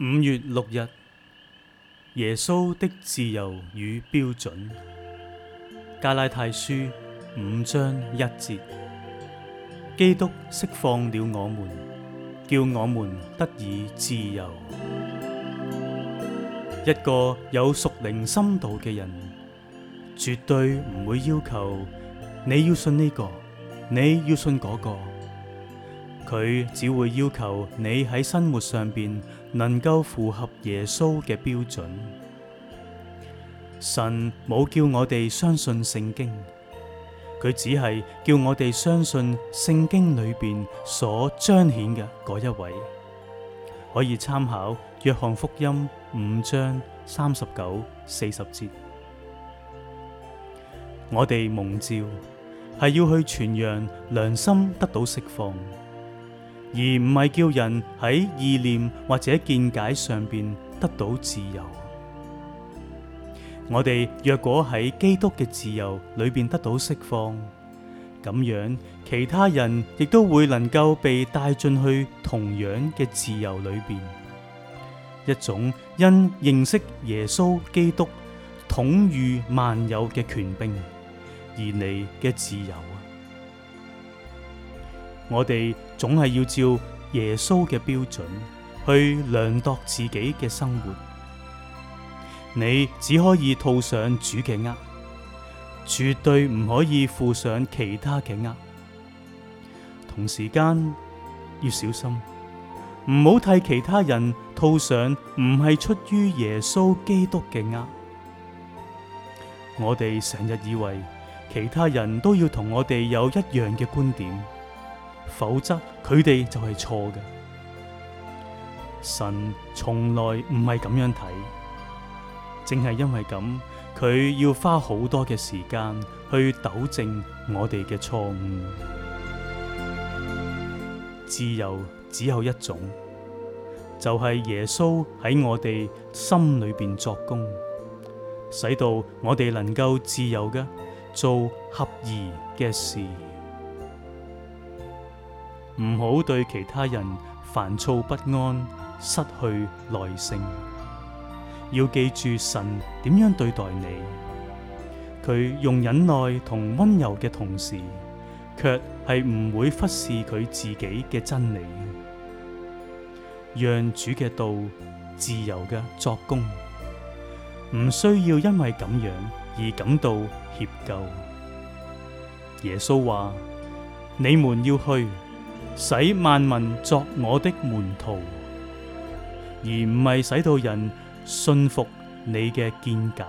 五月六日，耶穌的自由與標準，加拉太書五章一節，基督釋放了我們，叫我們得以自由。一個有屬靈深度嘅人，絕對唔會要求你要信呢個，你要信嗰個。佢只會要求你喺生活上邊能夠符合耶穌嘅標準。神冇叫我哋相信聖經，佢只係叫我哋相信聖經裏邊所彰顯嘅嗰一位。可以參考約翰福音五章三十九、四十節。我哋蒙照係要去傳揚良心得到釋放。而唔係叫人喺意念或者見解上邊得到自由。我哋若果喺基督嘅自由裏邊得到釋放，咁樣其他人亦都會能夠被帶進去同樣嘅自由裏邊，一種因認識耶穌基督統御萬有嘅權柄而嚟嘅自由。我哋總係要照耶穌嘅標準去量度自己嘅生活。你只可以套上主嘅軛，絕對唔可以附上其他嘅軛。同時間要小心，唔好替其他人套上唔係出於耶穌基督嘅軛。我哋成日以為其他人都要同我哋有一樣嘅觀點。否則佢哋就係錯嘅。神從來唔係咁樣睇，正係因為咁，佢要花好多嘅時間去糾正我哋嘅錯誤。自由只有一種，就係、是、耶穌喺我哋心裏邊作工，使到我哋能夠自由嘅做合宜嘅事。唔好對其他人煩躁不安，失去耐性。要記住神點樣對待你，佢用忍耐同溫柔嘅同時，卻係唔會忽視佢自己嘅真理。讓主嘅道自由嘅作工，唔需要因為咁樣而感到歉疚。耶穌話：你們要去。使萬民作我的門徒，而唔係使到人信服你嘅見解。